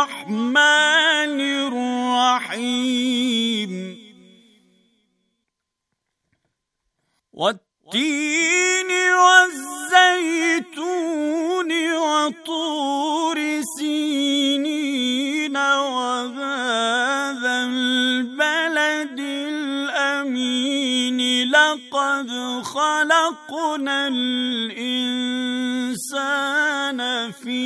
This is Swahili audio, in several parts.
الرحمن الرحيم والتين والزيتون وطور سينين وهذا البلد الأمين لقد خلقنا الإنسان في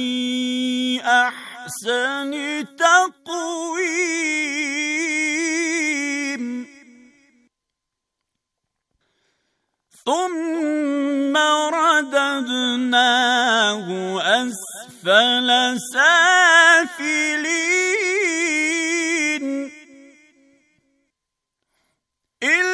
أحسن أحسن تقويم ثم رددناه أسفل سافلين إلا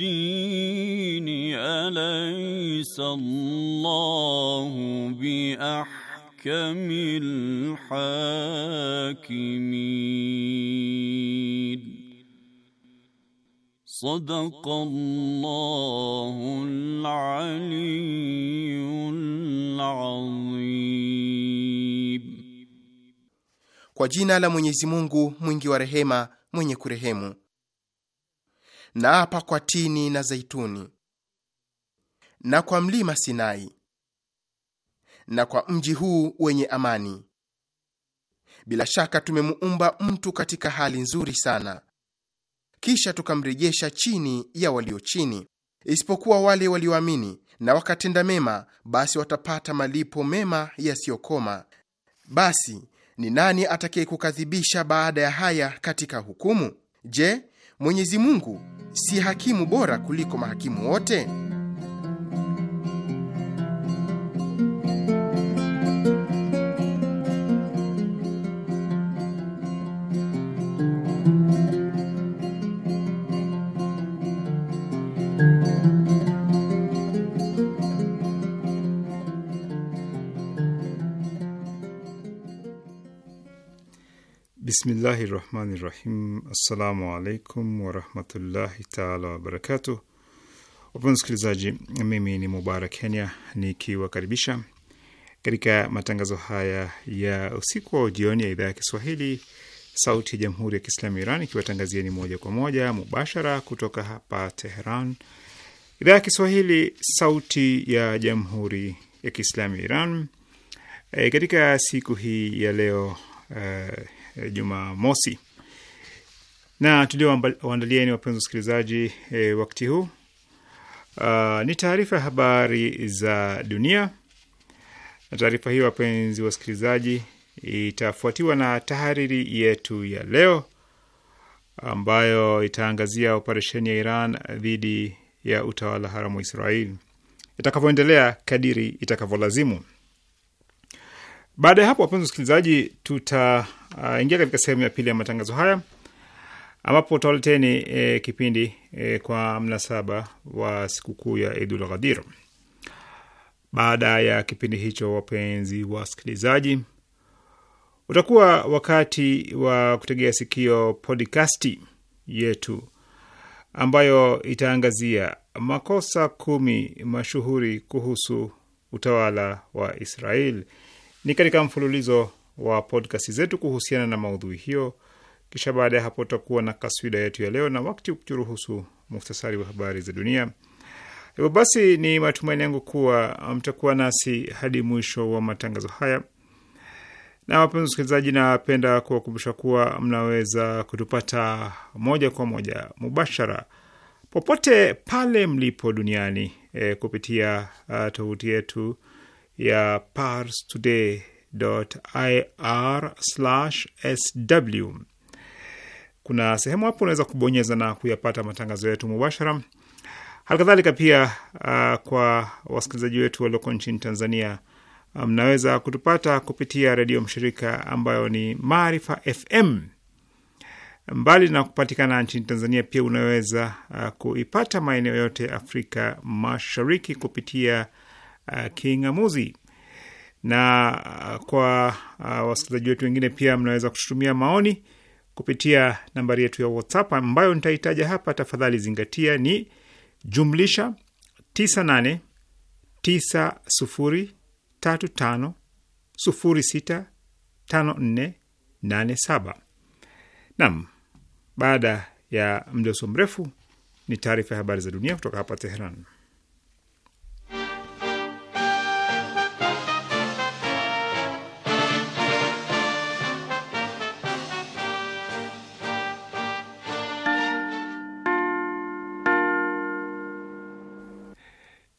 الدين أليس الله بأحكم الحاكمين صدق الله العلي العظيم. Kwa jina la Mwenyezi Mungu mwingi wa rehema mwenye kurehemu na apa kwa tini na zaituni, na kwa mlima Sinai, na kwa mji huu wenye amani. Bila shaka tumemuumba mtu katika hali nzuri sana, kisha tukamrejesha chini ya walio chini, isipokuwa wale walioamini na wakatenda mema, basi watapata malipo mema yasiyokoma. Basi ni nani atakayekukadhibisha baada ya haya katika hukumu? Je, Mwenyezi Mungu si hakimu bora kuliko mahakimu wote? Bismillahi rahmani rahim. Assalamu alaikum warahmatullahi taala wabarakatuh. Wapenzi msikilizaji, mimi ni Mubarak Kenya nikiwakaribisha katika matangazo haya ya usiku wa jioni ya idhaa ya Kiswahili sauti ya jamhuri ya Kiislamu Iran ikiwatangazia ni moja kwa moja mubashara kutoka hapa Teheran. Idhaa ya Kiswahili sauti ya jamhuri ya Kiislamu Iran e, katika siku hii ya leo e, Eh, Jumamosi. Na tuliowaandalieni wapenzi wasikilizaji, e, wakati huu uh, ni taarifa ya habari za dunia, na taarifa hiyo wapenzi wasikilizaji, itafuatiwa na tahariri yetu ya leo ambayo itaangazia operesheni ya Iran dhidi ya utawala haramu wa Israeli itakavyoendelea kadiri itakavyolazimu. Baada ya hapo, wapenzi wasikilizaji, tutaingia uh, katika sehemu ya pili ya matangazo haya ambapo utawaleteni e, kipindi e, kwa mnasaba wa sikukuu ya Idul Ghadir. Baada ya kipindi hicho, wapenzi wasikilizaji, utakuwa wakati wa kutegea sikio podikasti yetu ambayo itaangazia makosa kumi mashuhuri kuhusu utawala wa Israeli. Ni katika mfululizo wa podcast zetu kuhusiana na maudhui hiyo. Kisha baada ya hapo tutakuwa na kaswida yetu ya leo na wakati ukiruhusu, muhtasari wa habari za dunia. Hivyo basi, ni matumaini yangu kuwa mtakuwa nasi hadi mwisho wa matangazo haya. Na wapenzi wasikilizaji, napenda kuwakumbusha kuwa mnaweza kutupata moja kwa moja mubashara popote pale mlipo duniani e, kupitia uh, tovuti yetu ya parstoday.ir/sw. Kuna sehemu hapo unaweza kubonyeza na kuyapata matangazo yetu mubashara. Halikadhalika pia uh, kwa wasikilizaji wetu walioko nchini Tanzania mnaweza um, kutupata kupitia redio mshirika ambayo ni Maarifa FM. Mbali na kupatikana nchini Tanzania, pia unaweza uh, kuipata maeneo yote Afrika Mashariki kupitia Uh, king'amuzi. Na uh, kwa uh, wasikilizaji wetu wengine pia mnaweza kututumia maoni kupitia nambari yetu ya WhatsApp ambayo nitahitaja hapa. Tafadhali zingatia, ni jumlisha 98 9035 baada ya mdoso mrefu ni taarifa ya habari za dunia kutoka hapa Teheran.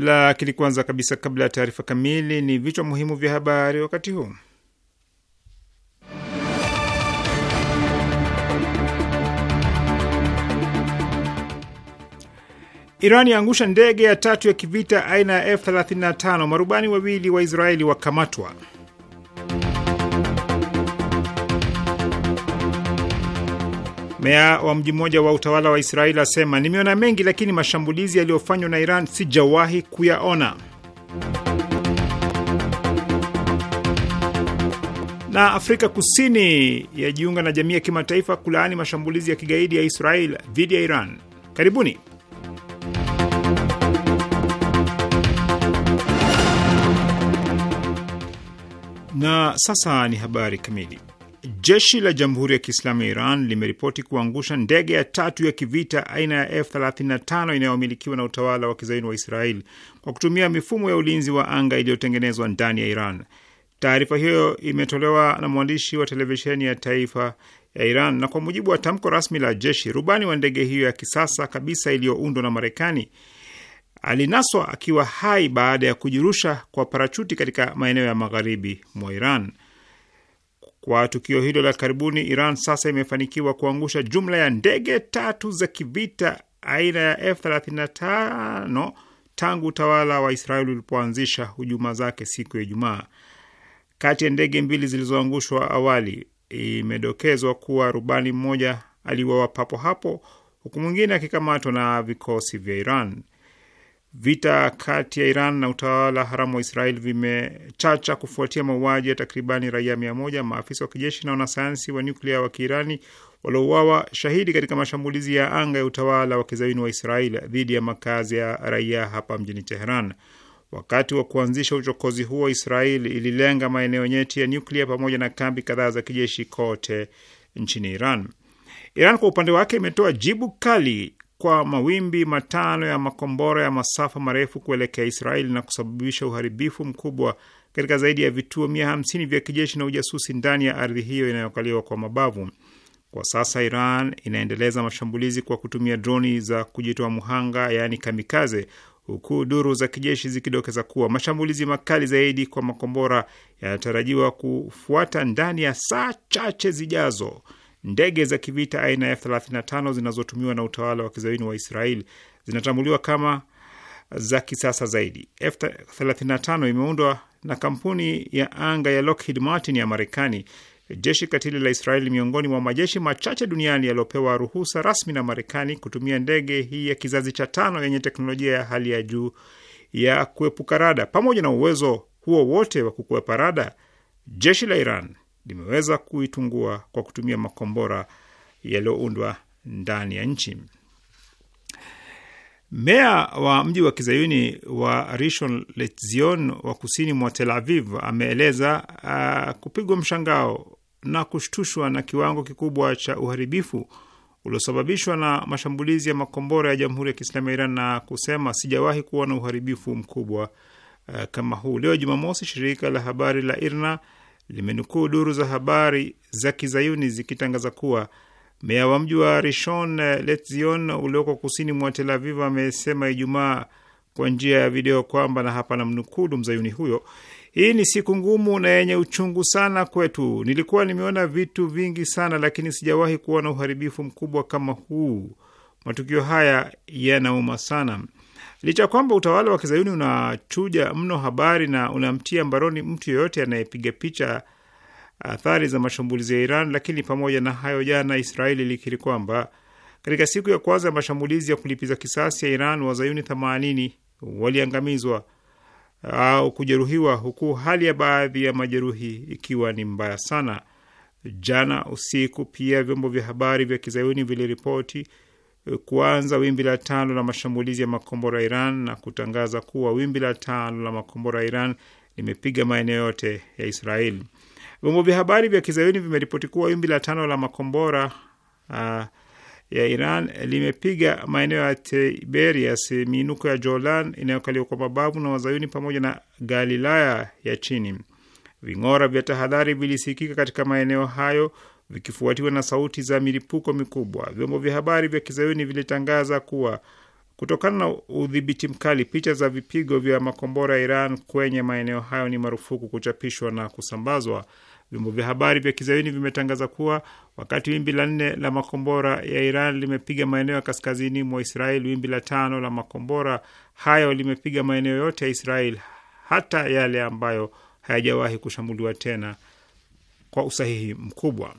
Lakini kwanza kabisa, kabla ya taarifa kamili, ni vichwa muhimu vya habari wakati huu. Iran yaangusha ndege ya tatu ya kivita aina ya F35. Marubani wawili wa Israeli wakamatwa. Meya wa mji mmoja wa utawala wa Israeli asema nimeona mengi, lakini mashambulizi yaliyofanywa na Iran sijawahi kuyaona. Na Afrika Kusini yajiunga na jamii ya kimataifa kulaani mashambulizi ya kigaidi ya Israel dhidi ya Iran. Karibuni. Na sasa ni habari kamili. Jeshi la Jamhuri ya Kiislamu ya Iran limeripoti kuangusha ndege ya tatu ya kivita aina ya F35 inayomilikiwa na utawala wa kizaini wa israel kwa kutumia mifumo ya ulinzi wa anga iliyotengenezwa ndani ya Iran. Taarifa hiyo imetolewa na mwandishi wa televisheni ya taifa ya Iran, na kwa mujibu wa tamko rasmi la jeshi, rubani wa ndege hiyo ya kisasa kabisa iliyoundwa na Marekani alinaswa akiwa hai baada ya kujirusha kwa parachuti katika maeneo ya magharibi mwa Iran. Kwa tukio hilo la karibuni, Iran sasa imefanikiwa kuangusha jumla ya ndege tatu za kivita aina ya F35 tangu utawala wa Israeli ulipoanzisha hujuma zake siku ya Ijumaa. Kati ya ndege mbili zilizoangushwa awali, imedokezwa kuwa rubani mmoja aliuawa papo hapo, huku mwingine akikamatwa na vikosi vya Iran. Vita kati ya Iran na utawala haramu wa Israel vimechacha kufuatia mauaji ya takribani raia mia moja, maafisa wa kijeshi na wanasayansi wa nyuklia wa Kiirani waliouawa shahidi katika mashambulizi ya anga ya utawala wa kizaini wa Israel dhidi ya makazi ya raia hapa mjini Teheran. Wakati wa kuanzisha uchokozi huo, Israel ililenga maeneo nyeti ya nyuklia pamoja na kambi kadhaa za kijeshi kote nchini Iran. Iran kwa upande wake imetoa jibu kali kwa mawimbi matano ya makombora ya masafa marefu kuelekea Israeli na kusababisha uharibifu mkubwa katika zaidi ya vituo mia hamsini vya kijeshi na ujasusi ndani ya ardhi hiyo inayokaliwa kwa mabavu. Kwa sasa Iran inaendeleza mashambulizi kwa kutumia droni za kujitoa muhanga, yaani kamikaze, huku duru za kijeshi zikidokeza kuwa mashambulizi makali zaidi kwa makombora yanatarajiwa kufuata ndani ya saa chache zijazo. Ndege za kivita aina ya F35 zinazotumiwa na utawala wa kizayuni wa Israel zinatambuliwa kama za kisasa zaidi. F35 imeundwa na kampuni ya anga ya Lockheed Martin ya Marekani, jeshi katili la Israeli, miongoni mwa majeshi machache duniani yaliyopewa ruhusa rasmi na Marekani kutumia ndege hii ya kizazi cha tano yenye teknolojia ya hali ya juu ya kuepuka rada. Pamoja na uwezo huo wote wa kukwepa rada, jeshi la Iran limeweza kuitungua kwa kutumia makombora yaliyoundwa ndani ya nchi. Meya wa mji wa kizayuni wa Rishon LeZion wa kusini mwa Tel Aviv ameeleza uh, kupigwa mshangao na kushtushwa na kiwango kikubwa cha uharibifu uliosababishwa na mashambulizi ya makombora ya Jamhuri ya Kiislamu ya Iran na kusema, sijawahi kuona uharibifu mkubwa uh, kama huu. Leo Jumamosi, shirika la habari la IRNA limenukuu duru za habari za kizayuni zikitangaza kuwa meya wa mji wa Rishon letzion ulioko kusini mwa Tel Aviv amesema Ijumaa kwa njia ya video kwamba, na hapa namnukuu mzayuni huyo, hii ni siku ngumu na yenye uchungu sana kwetu. Nilikuwa nimeona vitu vingi sana, lakini sijawahi kuona uharibifu mkubwa kama huu. Matukio haya yanauma sana. Licha ya kwamba utawala wa kizayuni unachuja mno habari na unamtia mbaroni mtu yeyote anayepiga picha athari za mashambulizi ya Iran, lakini pamoja na hayo, jana Israeli ilikiri kwamba katika siku ya kwanza ya mashambulizi ya kulipiza kisasi ya Iran, wazayuni 80 waliangamizwa au kujeruhiwa, huku hali ya baadhi ya majeruhi ikiwa ni mbaya sana. Jana usiku pia vyombo vya habari vya kizayuni viliripoti kuanza wimbi la tano la mashambulizi ya makombora ya Iran na kutangaza kuwa wimbi la tano la makombora ya Iran limepiga maeneo yote ya Israel. Vyombo vya habari vya kizayuni vimeripoti kuwa wimbi la tano la makombora uh, ya Iran limepiga maeneo ya Tiberias, miinuko ya Jolan inayokaliwa kwa mabavu na wazayuni pamoja na Galilaya ya chini. Ving'ora vya tahadhari vilisikika katika maeneo hayo vikifuatiwa na sauti za milipuko mikubwa. Vyombo vya habari vya kizayuni vilitangaza kuwa kutokana na udhibiti mkali, picha za vipigo vya makombora ya Iran kwenye maeneo hayo ni marufuku kuchapishwa na kusambazwa. Vyombo vya habari vya kizayuni vimetangaza kuwa wakati wimbi la nne la makombora ya Iran limepiga maeneo ya kaskazini mwa Israel, wimbi la tano la makombora hayo limepiga maeneo yote ya Israel, hata yale ambayo hayajawahi kushambuliwa tena kwa usahihi mkubwa.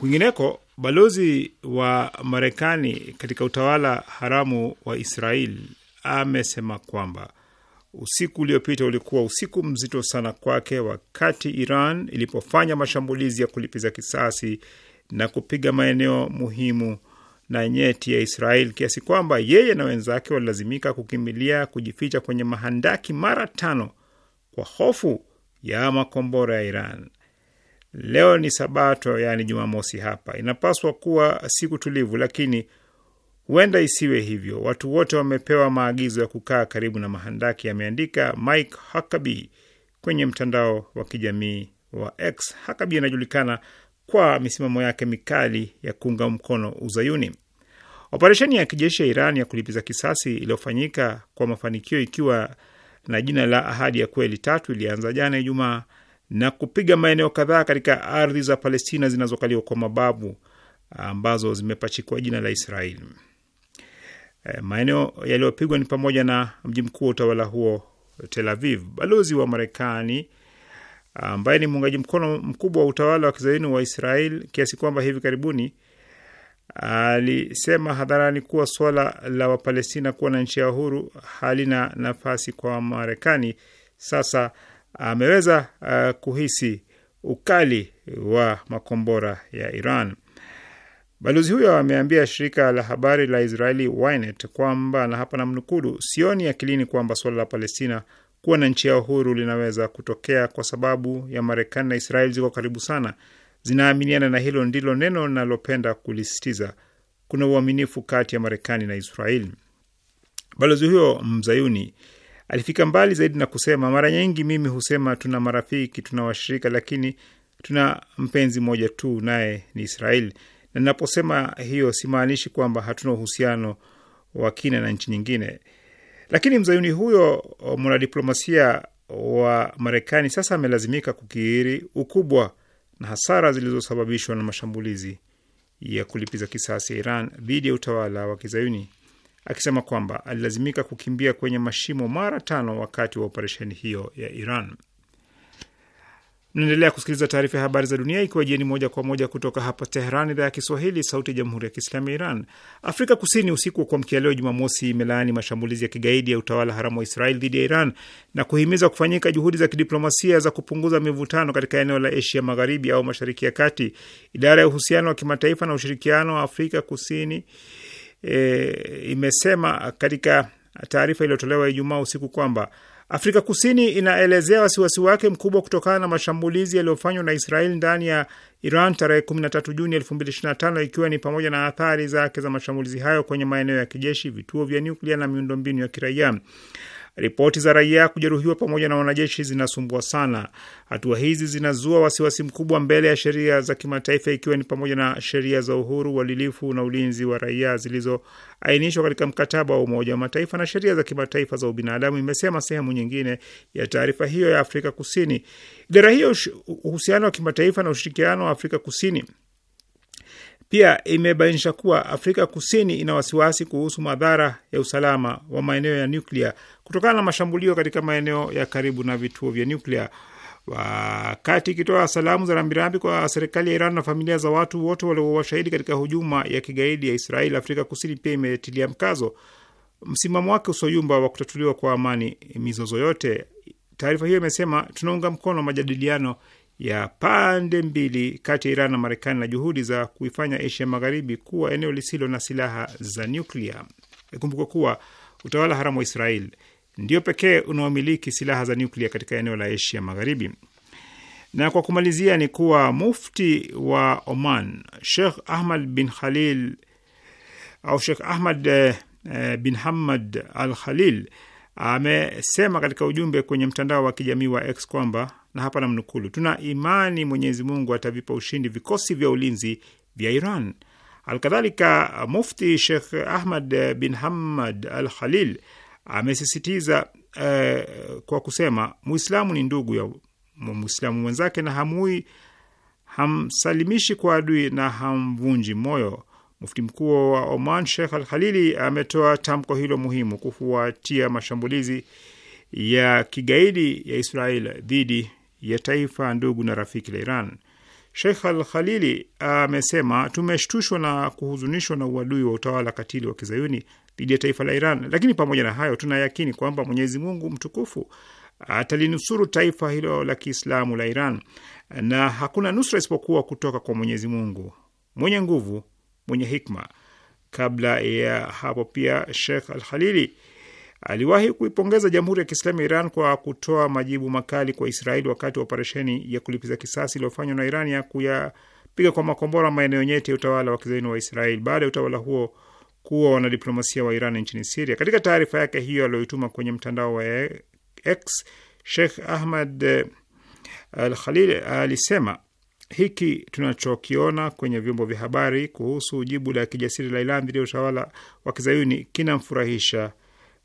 Kwingineko, balozi wa Marekani katika utawala haramu wa Israel amesema kwamba usiku uliopita ulikuwa usiku mzito sana kwake wakati Iran ilipofanya mashambulizi ya kulipiza kisasi na kupiga maeneo muhimu na nyeti ya Israel kiasi kwamba yeye na wenzake walilazimika kukimbilia kujificha kwenye mahandaki mara tano kwa hofu ya makombora ya Iran. Leo ni Sabato, yaani Jumamosi. Hapa inapaswa kuwa siku tulivu, lakini huenda isiwe hivyo. Watu wote wamepewa maagizo ya kukaa karibu na mahandaki, ameandika Mike Huckabee kwenye mtandao wa kijamii wa X. Huckabee anajulikana kwa misimamo yake mikali ya kuunga mkono Uzayuni. Operesheni ya kijeshi ya Iran ya kulipiza kisasi iliyofanyika kwa mafanikio ikiwa na jina la Ahadi ya Kweli tatu ilianza jana Ijumaa na kupiga maeneo kadhaa katika ardhi za Palestina zinazokaliwa kwa mabavu ambazo zimepachikwa jina la Israeli. Eh, maeneo yaliyopigwa ni pamoja na mji mkuu wa utawala huo Tel Aviv. Balozi wa Marekani ambaye ni muungaji mkono mkubwa wa utawala wa kizaini wa Israel kiasi kwamba hivi karibuni alisema hadharani kuwa swala la Wapalestina kuwa na nchi ya uhuru halina nafasi kwa Marekani. Sasa ameweza uh, kuhisi ukali wa makombora ya Iran. Balozi huyo ameambia shirika la habari la Israeli Ynet kwamba na hapa namnukuu, sioni akilini kwamba suala la Palestina kuwa na nchi yao huru linaweza kutokea kwa sababu ya Marekani na Israeli ziko karibu sana, zinaaminiana, na hilo ndilo neno linalopenda kulisitiza Kuna uaminifu kati ya Marekani na Israeli. Balozi huyo mzayuni Alifika mbali zaidi na kusema, mara nyingi mimi husema tuna marafiki, tuna washirika, lakini tuna mpenzi mmoja tu, naye ni Israeli. Na ninaposema hiyo simaanishi kwamba hatuna uhusiano wa kina na nchi nyingine. Lakini mzayuni huyo mwanadiplomasia wa Marekani sasa amelazimika kukiri ukubwa na hasara zilizosababishwa na mashambulizi ya kulipiza kisasi ya Iran dhidi ya utawala wa kizayuni akisema kwamba alilazimika kukimbia kwenye mashimo mara tano wakati wa operesheni hiyo ya Iran. Naendelea kusikiliza taarifa ya habari za dunia ikiwa jieni moja kwa moja kutoka hapa Teheran, idhaa ya Kiswahili, sauti ya jamhuri ya kiislamu ya Iran. Afrika Kusini usiku wa kuamkia leo Jumamosi imelaani mashambulizi ya kigaidi ya utawala haramu wa Israel dhidi ya Iran na kuhimiza kufanyika juhudi za kidiplomasia za kupunguza mivutano katika eneo la Asia Magharibi au Mashariki ya Kati. Idara ya uhusiano wa kimataifa na ushirikiano wa Afrika Kusini e, imesema katika taarifa iliyotolewa Ijumaa usiku kwamba Afrika Kusini inaelezea wasiwasi wake mkubwa kutokana na mashambulizi yaliyofanywa na Israeli ndani ya Iran tarehe 13 Juni 2025 ikiwa ni pamoja na athari zake za mashambulizi hayo kwenye maeneo ya kijeshi, vituo vya nyuklia na miundombinu ya kiraia. Ripoti za raia kujeruhiwa pamoja na wanajeshi zinasumbua sana. Hatua hizi zinazua wasiwasi mkubwa mbele ya sheria za kimataifa, ikiwa ni pamoja na sheria za uhuru, uadilifu na ulinzi wa raia zilizoainishwa katika mkataba wa Umoja wa Mataifa na sheria za kimataifa za ubinadamu, imesema sehemu nyingine ya taarifa hiyo ya Afrika Kusini. Idara hiyo, uhusiano wa kimataifa na ushirikiano wa Afrika Kusini pia imebainisha kuwa Afrika Kusini ina wasiwasi kuhusu madhara ya usalama wa maeneo ya nyuklia kutokana na mashambulio katika maeneo ya karibu na vituo vya nyuklia. Wakati ikitoa salamu za rambirambi kwa serikali ya Iran na familia za watu wote waliowashahidi katika hujuma ya kigaidi ya Israeli, Afrika Kusini pia imetilia mkazo msimamo wake usoyumba wa kutatuliwa kwa amani mizozo yote. Taarifa hiyo imesema, tunaunga mkono majadiliano ya pande mbili kati ya Iran na Marekani na juhudi za kuifanya Asia Magharibi kuwa eneo lisilo na silaha za nyuklia. Ikumbukwa kuwa utawala haramu wa Israel ndio pekee unaomiliki silaha za nyuklia katika eneo la Asia Magharibi. Na kwa kumalizia ni kuwa mufti wa Oman Sheikh Ahmad bin Khalil au Sheikh Ahmad eh, eh, bin Hamad Al Khalil amesema katika ujumbe kwenye mtandao wa kijamii wa X kwamba na hapa namnukulu, tuna imani Mwenyezi Mungu atavipa ushindi vikosi vya ulinzi vya Iran. Alkadhalika, Mufti shekh Ahmad bin Hamad Al Khalil amesisitiza uh, kwa kusema Muislamu ni ndugu ya Muislamu mwenzake na hamui hamsalimishi kwa adui na hamvunji moyo. Mufti mkuu wa Oman shekh Al Khalili ametoa tamko hilo muhimu kufuatia mashambulizi ya kigaidi ya Israel dhidi ya taifa ndugu na rafiki la Iran, Sheikh Al Khalili amesema tumeshtushwa na kuhuzunishwa na uadui wa utawala katili wa kizayuni dhidi ya taifa la Iran, lakini pamoja na hayo tunayakini kwamba Mwenyezi Mungu mtukufu atalinusuru taifa hilo la Kiislamu la Iran, na hakuna nusra isipokuwa kutoka kwa Mwenyezi Mungu mwenye nguvu, mwenye hikma. Kabla ya hapo pia Sheikh Al Khalili aliwahi kuipongeza Jamhuri ya Kiislamu ya Iran kwa kutoa majibu makali kwa Israeli wakati wa operesheni ya kulipiza kisasi iliyofanywa na Iran ya kuyapiga kwa makombora maeneo nyeti ya utawala wa kizaini wa Israeli baada ya utawala huo kuwa wanadiplomasia wa Iran nchini Siria. Katika taarifa yake hiyo aliyoituma kwenye mtandao wa X, Sheikh Ahmad eh, Al Khalil alisema hiki tunachokiona kwenye vyombo vya habari kuhusu jibu la kijasiri la Iran dhidi ya utawala wa kizayuni kinamfurahisha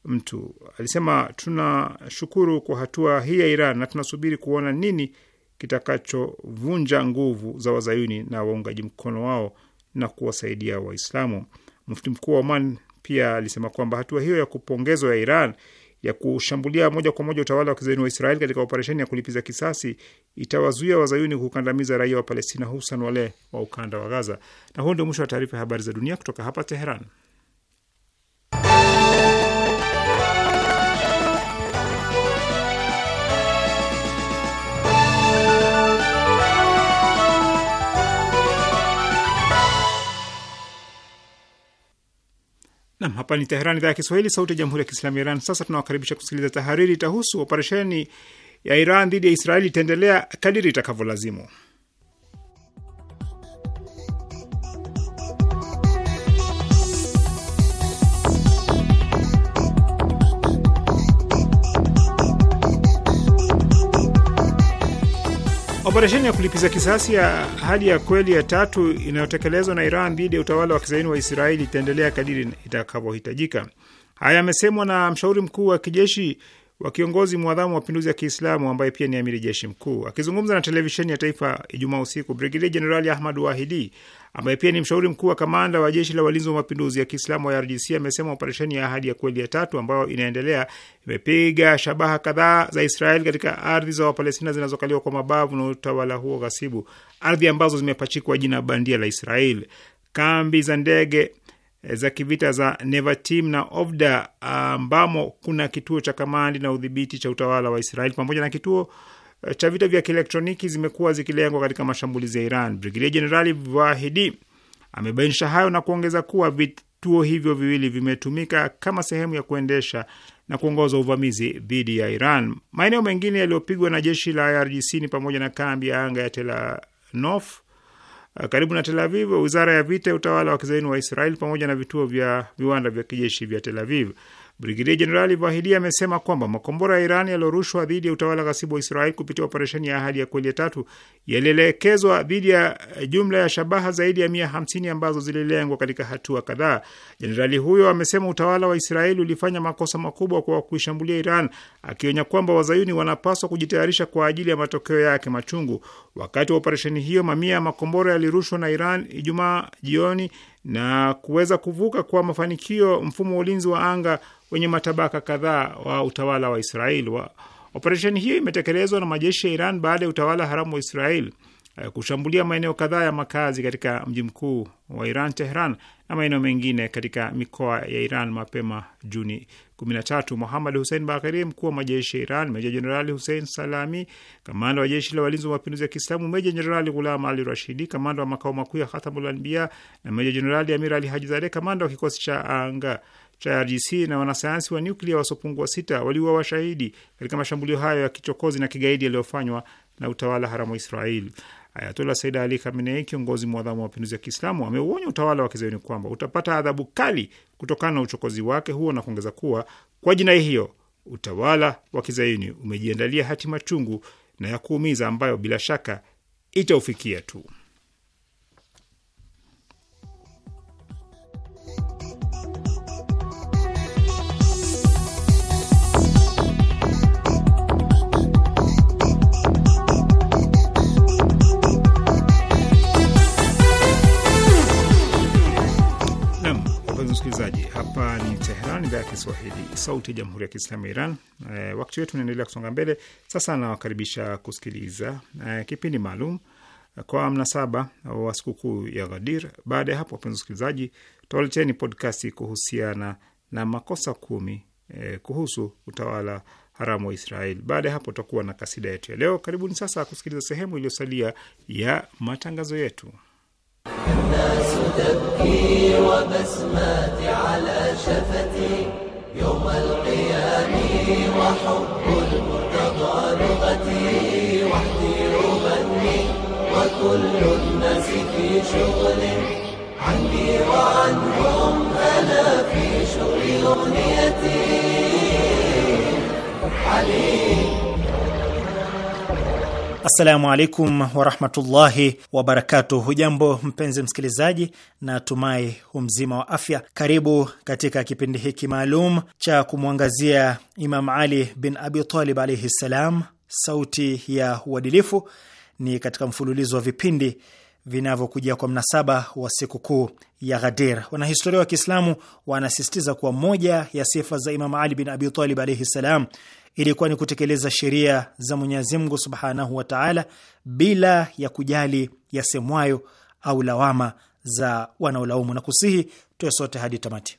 mtu. Alisema, tunashukuru kwa hatua hii ya Iran na tunasubiri kuona nini kitakachovunja nguvu za wazayuni na waungaji mkono wao na kuwasaidia Waislamu. Mufti mkuu wa Oman pia alisema kwamba hatua hiyo ya kupongezwa ya Iran ya kushambulia moja kwa moja utawala wa kizayuni wa Israeli katika operesheni ya kulipiza kisasi itawazuia wazayuni kukandamiza raia wa Palestina, hususan wale wa ukanda wa Gaza. Na huo ndio mwisho wa taarifa ya habari za dunia kutoka hapa Teheran. Nam, hapa ni Teherani, idhaa ya Kiswahili, sauti ya jamhuri ya kiislamu ya Iran. Sasa tunawakaribisha kusikiliza tahariri. Itahusu operesheni ya Iran dhidi ya Israeli itaendelea kadiri itakavyolazimu. Operesheni ya kulipiza kisasi ya hali ya kweli ya tatu inayotekelezwa na Iran dhidi ya utawala wa kizaini wa Israeli itaendelea kadiri itakavyohitajika. Haya amesemwa na mshauri mkuu wa kijeshi wa kiongozi mwadhamu wa mapinduzi ya Kiislamu ambaye pia ni amiri jeshi mkuu. Akizungumza na televisheni ya taifa Ijumaa usiku, Brigedia Jenerali Ahmad Wahidi ambaye pia ni mshauri mkuu wa kamanda wa jeshi la walinzi wa mapinduzi ya Kiislamu wa IRGC amesema operesheni ya ahadi ya kweli ya tatu ambayo inaendelea imepiga shabaha kadhaa za Israel katika ardhi za Wapalestina zinazokaliwa kwa mabavu na utawala huo ghasibu, ardhi ambazo zimepachikwa jina bandia la Israel. Kambi za ndege eh, za kivita za Nevatim na Ovda ambamo ah, kuna kituo cha kamandi na udhibiti cha utawala wa Israel pamoja na kituo Eh, cha vita vya kielektroniki zimekuwa zikilengwa katika mashambulizi ya Iran. Brigedia Jenerali Vahidi amebainisha hayo na kuongeza kuwa vituo hivyo viwili vimetumika kama sehemu ya kuendesha na kuongoza uvamizi dhidi ya Iran. Maeneo mengine yaliyopigwa na jeshi la IRGC ni pamoja na kambi ya anga ya Telanof eh, karibu na Tel Aviv, wizara ya vita ya utawala wa kizaini wa Israel pamoja na vituo vya viwanda vya kijeshi vya Tel Aviv. Brigedia Jenerali Vahidi amesema kwamba makombora ya Iran yaliyorushwa dhidi ya utawala ghasibu wa Israeli kupitia operesheni ya Ahadi ya Kweli ya tatu yalielekezwa dhidi ya jumla ya shabaha zaidi ya mia hamsini ambazo zililengwa katika hatua kadhaa. Jenerali huyo amesema utawala wa Israeli ulifanya makosa makubwa kwa kuishambulia Iran, akionya kwamba wazayuni wanapaswa kujitayarisha kwa ajili ya matokeo yake machungu. Wakati wa operesheni hiyo, mamia ya makombora yalirushwa na Iran Ijumaa jioni na kuweza kuvuka kwa mafanikio mfumo wa ulinzi wa anga wenye matabaka kadhaa wa utawala wa Israel. Operesheni hiyo imetekelezwa na majeshi ya Iran baada ya utawala haramu wa Israel Eh, kushambulia maeneo kadhaa ya makazi katika mji mkuu wa Iran, Tehran, na maeneo mengine katika mikoa ya Iran mapema Juni 13. Muhamad Hussein Bakari, mkuu wa majeshi ya Iran, Meja Jenerali Hussein Salami, kamanda wa jeshi la walinzi wa mapinduzi ya Kiislamu, Meja Jenerali Ghulam Ali Rashidi, kamanda wa makao makuu ya Khatamul Anbiya, na Meja Jenerali Amir Ali hajizade kamanda wa kikosi cha anga cha RGC na wanasayansi wa nyuklia wasiopungua sita waliuawa washahidi katika mashambulio hayo ya kichokozi na kigaidi yaliyofanywa na utawala haramu wa Israeli. Ayatola Said Ali Khamenei, kiongozi mwadhamu wa mapinduzi ya Kiislamu, ameuonya utawala wa kizayuni kwamba utapata adhabu kali kutokana na uchokozi wake huo na kuongeza kuwa kwa jinai hiyo utawala wa kizayuni umejiandalia hatima chungu na ya kuumiza ambayo bila shaka itaufikia tu. Hapa ni Teheran, idhaa ya Kiswahili, sauti ya jamhuri ya kiislamu ya Iran. E, wakati wetu unaendelea kusonga mbele. Sasa anawakaribisha kusikiliza e, kipindi maalum kwa mnasaba wa sikukuu ya Ghadir. Baada ya hapo, wapenzi wasikilizaji, tutawaleteni podkasti kuhusiana na makosa kumi e, kuhusu utawala haramu wa Israeli. Baada ya hapo, tutakuwa na kasida yetu ya leo. Karibuni sasa kusikiliza sehemu iliyosalia ya matangazo yetu. الناس تبكي وبسماتي على شفتي يوم القيام وحب المرتضى لغتي وحدي أغني وكل الناس في شغل عني وعنهم أنا في شغل أغنيتي علي Assalamu alaikum warahmatullahi wabarakatu Hujambo mpenzi msikilizaji, na tumai umzima wa afya. Karibu katika kipindi hiki maalum cha kumwangazia Imam Ali bin Abi Talib alaihi ssalam, sauti ya uadilifu. Ni katika mfululizo wa vipindi vinavyokujia kwa mnasaba wa sikukuu ya Ghadir. Wanahistoria wa Kiislamu wanasisitiza kuwa moja ya sifa za Imam Ali bin Abi Talib alaihi ssalam ilikuwa ni kutekeleza sheria za Mwenyezi Mungu subhanahu wa taala bila ya kujali yasemwayo au lawama za wanaolaumu, na kusihi tuwe sote hadi tamati.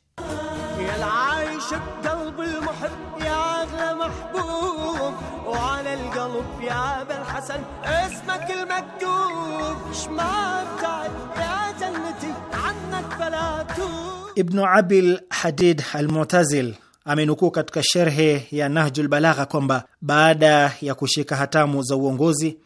Ibnu Abil Hadid Almutazil amenukuu katika sherhe ya Nahjul Balagha kwamba baada ya kushika hatamu za uongozi,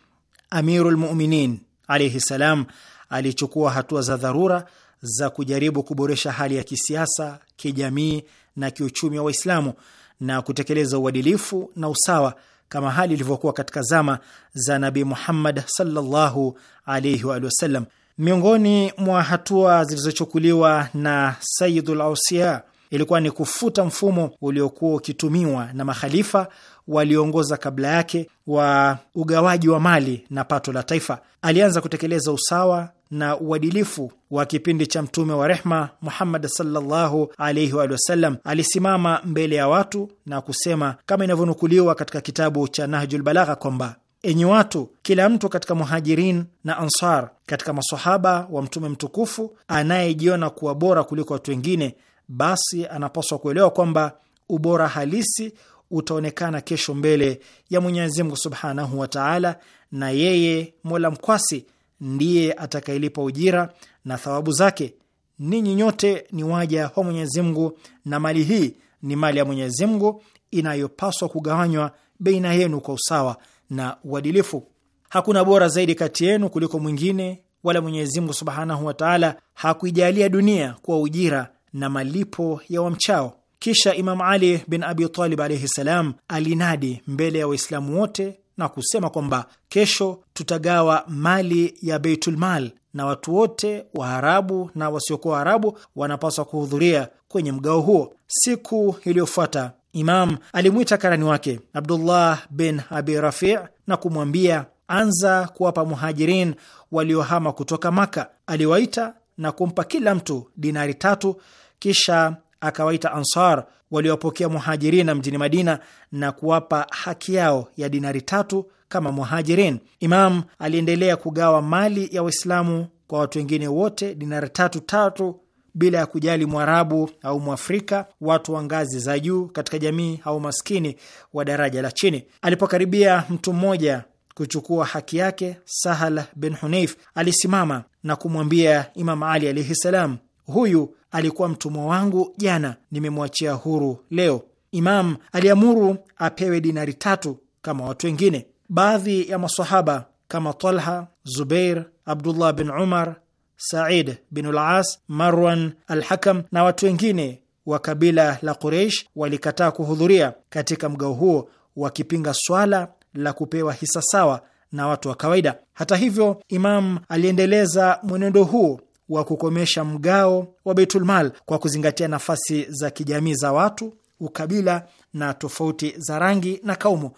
Amirul Muminin alaihi salam alichukua hatua za dharura za kujaribu kuboresha hali ya kisiasa, kijamii na kiuchumi wa Waislamu na kutekeleza uadilifu na usawa kama hali ilivyokuwa katika zama za Nabi Muhammad sallallahu alaihi waalihi wasallam. Miongoni mwa hatua zilizochukuliwa na Sayidul Ausia ilikuwa ni kufuta mfumo uliokuwa ukitumiwa na makhalifa walioongoza kabla yake wa ugawaji wa mali na pato la taifa. Alianza kutekeleza usawa na uadilifu wa kipindi cha mtume wa rehma Muhammad sallallahu alaihi wa sallam. Alisimama mbele ya watu na kusema kama inavyonukuliwa katika kitabu cha Nahjul Balagha kwamba Enyi watu, kila mtu katika Muhajirin na Ansar, katika masahaba wa mtume mtukufu, anayejiona kuwa bora kuliko watu wengine basi anapaswa kuelewa kwamba ubora halisi utaonekana kesho mbele ya Mwenyezi Mungu subhanahu wa taala, na yeye mola mkwasi ndiye atakayelipa ujira na thawabu zake. Ninyi nyote ni waja wa Mwenyezi Mungu, na mali hii ni mali ya Mwenyezi Mungu inayopaswa kugawanywa baina yenu kwa usawa na uadilifu. Hakuna bora zaidi kati yenu kuliko mwingine, wala Mwenyezi Mungu subhanahu wa taala hakuijalia dunia kuwa ujira na malipo ya wamchao. Kisha Imam Ali bin Abi Talib alaihi salam alinadi mbele ya Waislamu wote na kusema kwamba kesho tutagawa mali ya Beitulmal na watu wote Waarabu na wasiokuwa Waarabu wanapaswa kuhudhuria kwenye mgao huo. Siku iliyofuata Imam alimwita karani wake Abdullah bin Abi Rafi na kumwambia, anza kuwapa Muhajirin waliohama kutoka Maka. Aliwaita na kumpa kila mtu dinari tatu kisha akawaita Ansar waliowapokea Muhajirina mjini Madina na kuwapa haki yao ya dinari tatu kama Muhajirin. Imam aliendelea kugawa mali ya Waislamu kwa watu wengine wote dinari tatu tatu bila ya kujali Mwarabu au Mwafrika, watu wa ngazi za juu katika jamii au maskini wa daraja la chini. Alipokaribia mtu mmoja kuchukua haki yake, Sahal bin Huneif alisimama na kumwambia Imam Ali alaihi salam, huyu alikuwa mtumwa wangu jana, nimemwachia huru leo. Imam aliamuru apewe dinari tatu kama watu wengine. Baadhi ya masahaba kama Talha, zubeir Abdullah bin Umar, Said bin Ulas, Marwan Alhakam na watu wengine wa kabila la Quraish walikataa kuhudhuria katika mgao huo, wakipinga swala la kupewa hisa sawa na watu wa kawaida. Hata hivyo, Imam aliendeleza mwenendo huo wa kukomesha mgao wa Beitulmal kwa kuzingatia nafasi za kijamii za watu, ukabila na tofauti za rangi na kaumu,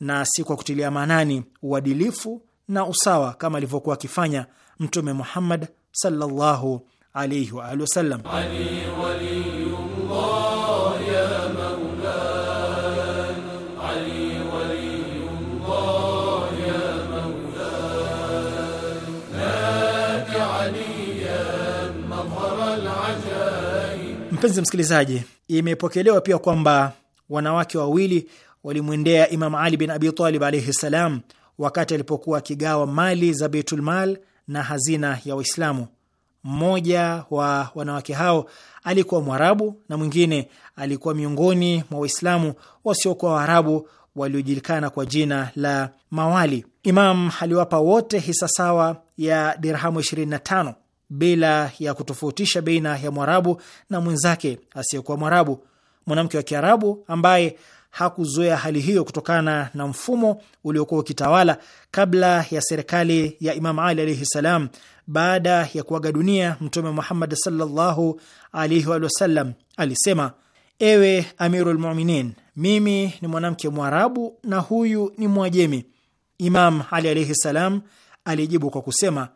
na si kwa kutilia maanani uadilifu na usawa kama alivyokuwa akifanya Mtume Muhammad sallallahu alaihi wa alihi wasallam. Mpenzi msikilizaji, imepokelewa pia kwamba wanawake wawili walimwendea Imam Ali bin Abi Talib alaihi ssalam wakati alipokuwa akigawa mali za Beitulmal na hazina ya Waislamu. Mmoja wa wanawake hao alikuwa Mwarabu na mwingine alikuwa miongoni mwa Waislamu wasiokuwa Waarabu waliojulikana kwa jina la Mawali. Imam aliwapa wote hisa sawa ya dirhamu 25 bila ya kutofautisha baina ya Mwarabu na mwenzake asiyekuwa Mwarabu. Mwanamke wa Kiarabu ambaye hakuzoea hali hiyo kutokana na mfumo uliokuwa ukitawala kabla ya serikali ya Imam Ali alaihi salam, baada ya kuaga dunia Mtume Muhammad sallallahu alaihi wa sallam, alisema: ewe amiru lmuminin, mimi ni mwanamke Mwarabu na huyu ni Mwajemi. Imam Ali alaihi salam alijibu kwa kusema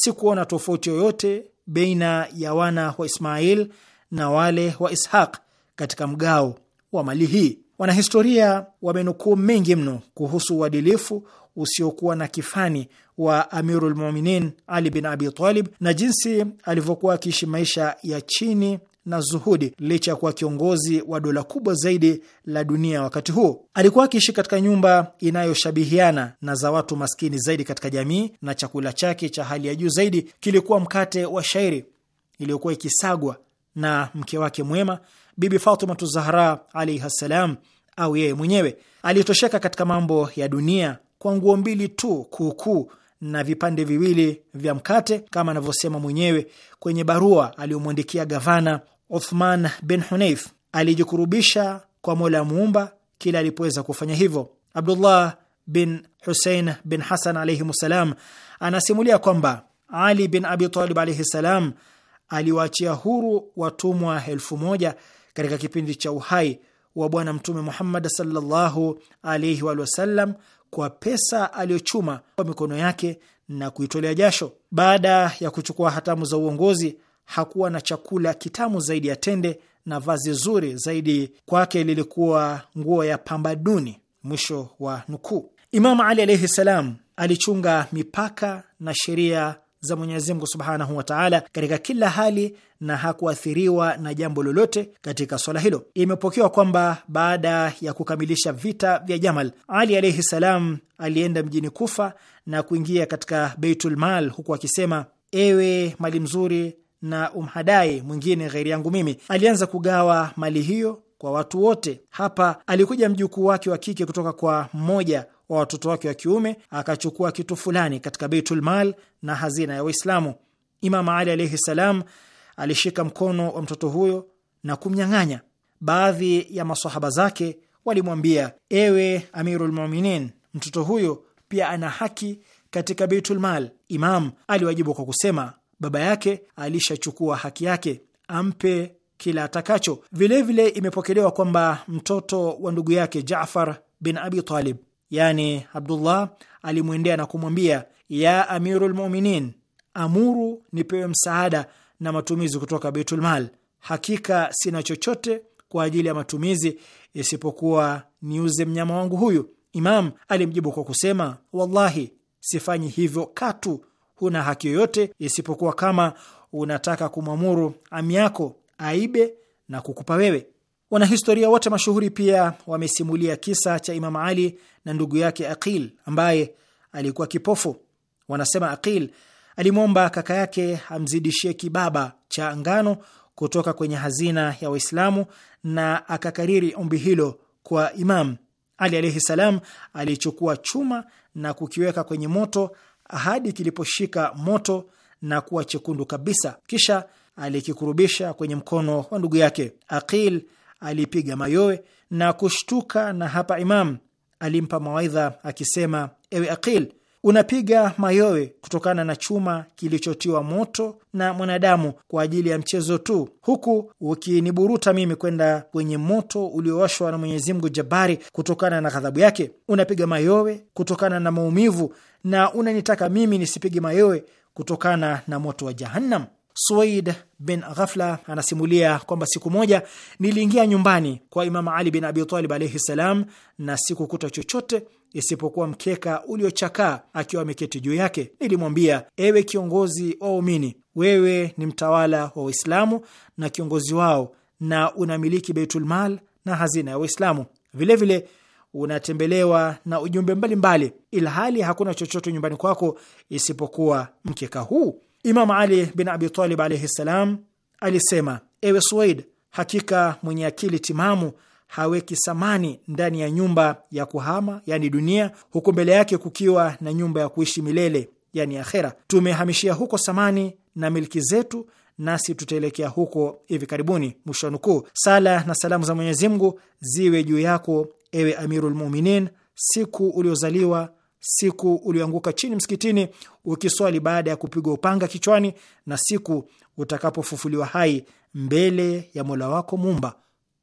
sikuona tofauti yoyote baina ya wana wa Ismail na wale wa Ishaq katika mgao wa mali hii. Wanahistoria wamenukuu mengi mno kuhusu uadilifu usiokuwa na kifani wa Amirul Muminin Ali bin Abi Talib na jinsi alivyokuwa akiishi maisha ya chini na zuhudi, licha ya kuwa kiongozi wa dola kubwa zaidi la dunia wakati huo. Alikuwa akiishi katika nyumba inayoshabihiana na za watu maskini zaidi katika jamii, na chakula chake cha hali ya juu zaidi kilikuwa mkate wa shairi iliyokuwa ikisagwa na mke wake mwema Bibi Fatimatu Zahra alaihi ssalam, au yeye mwenyewe. Alitosheka katika mambo ya dunia kwa nguo mbili tu kuukuu na vipande viwili vya mkate, kama anavyosema mwenyewe kwenye barua aliyomwandikia gavana Uthman bin Huneif alijikurubisha kwa Mola Muumba kila alipoweza kufanya hivyo. Abdullah bin Husein bin Hasan alaihim ssalam anasimulia kwamba Ali bin Abi Talib alaihi ssalam aliwaachia huru watumwa elfu moja katika kipindi cha uhai wa Bwana Mtume Muhammad sallallahu alaihi wa sallam kwa pesa aliyochuma kwa mikono yake na kuitolea jasho. Baada ya kuchukua hatamu za uongozi, hakuwa na chakula kitamu zaidi ya tende na vazi zuri zaidi kwake lilikuwa nguo ya pambaduni. Mwisho wa nukuu. Imamu Ali alaihi salam alichunga mipaka na sheria za Mwenyezi Mungu subhanahu wa taala katika kila hali na hakuathiriwa na jambo lolote katika swala hilo. Imepokewa kwamba baada ya kukamilisha vita vya Jamal, Ali alaihi salam alienda mjini Kufa na kuingia katika beitulmal huku akisema: ewe mali mzuri na umhadai mwingine ghairi yangu mimi. Alianza kugawa mali hiyo kwa watu wote. Hapa alikuja mjukuu wake wa kike kutoka kwa mmoja wa watoto wake wa kiume, akachukua kitu fulani katika beitulmal Mal na hazina ya Waislamu. Imam Ali alaihi salam alishika mkono wa mtoto huyo na kumnyang'anya. Baadhi ya masahaba zake walimwambia, ewe Amirul Muminin, mtoto huyo pia ana haki katika beitulmal Mal. Imam aliwajibu kwa kusema baba yake alishachukua haki yake, ampe kila atakacho. Vilevile vile imepokelewa kwamba mtoto wa ndugu yake Jafar bin Abi Talib, yani Abdullah, alimwendea na kumwambia ya amiru lmuminin, amuru nipewe msaada na matumizi kutoka Beitulmal. Hakika sina chochote kwa ajili ya matumizi isipokuwa niuze mnyama wangu huyu. Imam alimjibu kwa kusema, wallahi sifanyi hivyo katu huna haki yoyote isipokuwa kama unataka kumwamuru ami yako aibe na kukupa wewe. Wanahistoria wote mashuhuri pia wamesimulia kisa cha Imam Ali na ndugu yake Aqil ambaye alikuwa kipofu. Wanasema Aqil alimwomba kaka yake amzidishie kibaba cha ngano kutoka kwenye hazina ya Waislamu na akakariri ombi hilo kwa Imam Ali alaihi salam. Alichukua chuma na kukiweka kwenye moto hadi kiliposhika moto na kuwa chekundu kabisa, kisha alikikurubisha kwenye mkono wa ndugu yake. Aqil alipiga mayowe na kushtuka, na hapa Imam alimpa mawaidha akisema: ewe Aqil, unapiga mayowe kutokana na chuma kilichotiwa moto na mwanadamu kwa ajili ya mchezo tu, huku ukiniburuta mimi kwenda kwenye moto uliowashwa na Mwenyezi Mungu Jabari kutokana na ghadhabu yake. Unapiga mayowe kutokana na maumivu na unanitaka mimi nisipige mayowe kutokana na moto wa Jahannam. Suwaid bin Ghafla anasimulia kwamba siku moja niliingia nyumbani kwa Imamu Ali bin Abi Talib alaihi salam, na sikukuta chochote isipokuwa mkeka uliochakaa akiwa ameketi juu yake. Nilimwambia, ewe kiongozi wa waumini, wewe ni mtawala wa Waislamu na kiongozi wao, na unamiliki Beitulmal na hazina ya Waislamu. Vilevile unatembelewa na ujumbe mbalimbali, ilhali hakuna chochote nyumbani kwako isipokuwa mkeka huu. Imam Ali bin Abi Talib alaihi ssalam alisema, ewe Suwaid, hakika mwenye akili timamu haweki samani ndani ya nyumba ya kuhama, yani dunia, huku mbele yake kukiwa na nyumba ya kuishi milele, yani akhera. Tumehamishia huko samani na milki zetu, nasi tutaelekea huko hivi karibuni. Mwisho wa nukuu. Sala na salamu za Mwenyezi Mungu ziwe juu yako, ewe Amirul Muminin, siku uliozaliwa siku ulioanguka chini msikitini ukiswali baada ya kupigwa upanga kichwani, na siku utakapofufuliwa hai mbele ya Mola wako mumba